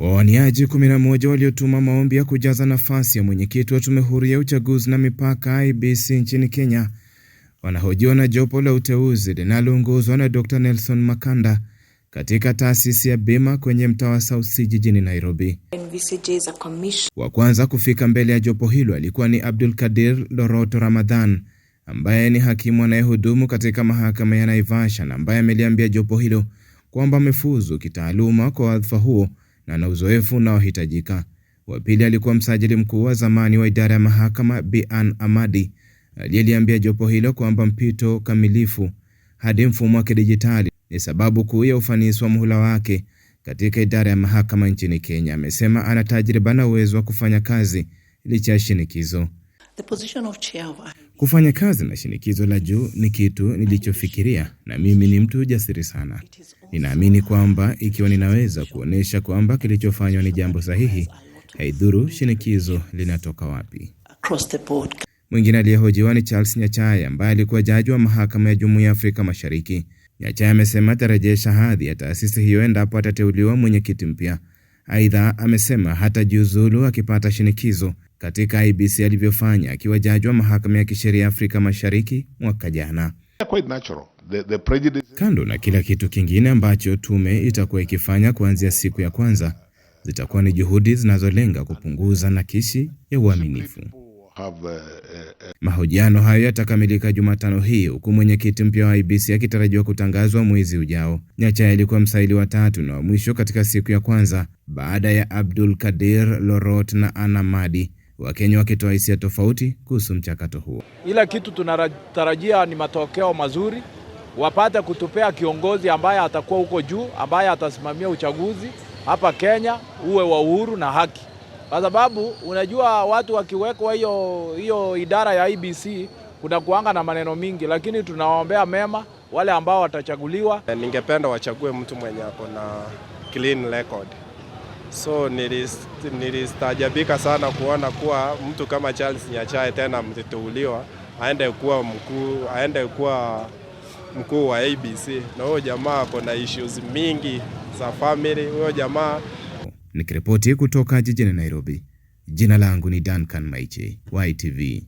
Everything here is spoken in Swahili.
Wawaniaji 11 waliotuma maombi ya kujaza nafasi ya mwenyekiti wa tume huru ya uchaguzi na mipaka IBC nchini Kenya wanahojiwa na jopo la uteuzi linaloongozwa na Dr Nelson Makanda katika taasisi ya bima kwenye mtaa wa South jijini Nairobi. Wa kwanza kufika mbele ya jopo hilo alikuwa ni Abdul Kadir Loroto Ramadhan ambaye ni hakimu anayehudumu katika mahakama ya Naivasha na ambaye ameliambia jopo hilo kwamba amefuzu kitaaluma kwa wadhifa huo na na uzoefu unaohitajika. Wa pili alikuwa msajili mkuu wa zamani wa idara ya mahakama Bian Amadi aliyeliambia jopo hilo kwamba mpito kamilifu hadi mfumo wa kidijitali ni sababu kuu ya ufanisi wa muhula wake katika idara ya mahakama nchini Kenya. Amesema ana tajriba na uwezo wa kufanya kazi licha ya shinikizo. The position of chair. Kufanya kazi na shinikizo la juu ni kitu nilichofikiria, na mimi ni mtu jasiri sana. Ninaamini kwamba ikiwa ninaweza kuonyesha kwamba kilichofanywa ni jambo sahihi, haidhuru shinikizo linatoka wapi. Mwingine aliyehojiwa ni Charles Nyachaya ambaye alikuwa jaji wa mahakama ya Jumuiya ya Afrika Mashariki. Nyachaya amesema atarejesha hadhi ya taasisi hiyo endapo atateuliwa mwenyekiti mpya. Aidha, amesema hata hatajiuzulu akipata shinikizo katika IBC alivyofanya akiwa jaji wa mahakama ya kisheria Afrika Mashariki mwaka jana. Kando na kila kitu kingine ambacho tume itakuwa ikifanya kuanzia siku ya kwanza zitakuwa ni juhudi zinazolenga kupunguza nakisi ya uaminifu. Eh, eh, Mahojiano hayo yatakamilika Jumatano hii huku mwenyekiti mpya wa IBC akitarajiwa kutangazwa mwezi ujao. Nyacha alikuwa msaili wa tatu na wa mwisho katika siku ya kwanza baada ya Abdul Kadir Lorot na Anamadi Wakenya wakitoa hisia tofauti kuhusu mchakato huo. Ila kitu tunatarajia ni matokeo mazuri, wapate kutupea kiongozi ambaye atakuwa huko juu, ambaye atasimamia uchaguzi hapa Kenya uwe wa uhuru na haki, kwa sababu unajua watu wakiwekwa hiyo hiyo idara ya IBC kuna kuanga na maneno mingi, lakini tunawaombea mema wale ambao watachaguliwa. Ningependa wachague mtu mwenye ako na clean record. So nilistajabika sana kuona kuwa mtu kama Charles Nyachae tena mteteuliwa aende kuwa mkuu, aende kuwa mkuu wa ABC, na huyo jamaa ako na issues mingi za family huyo jamaa. Nikiripoti kutoka jijini Nairobi, jina langu ni Duncan Maiche, YTV.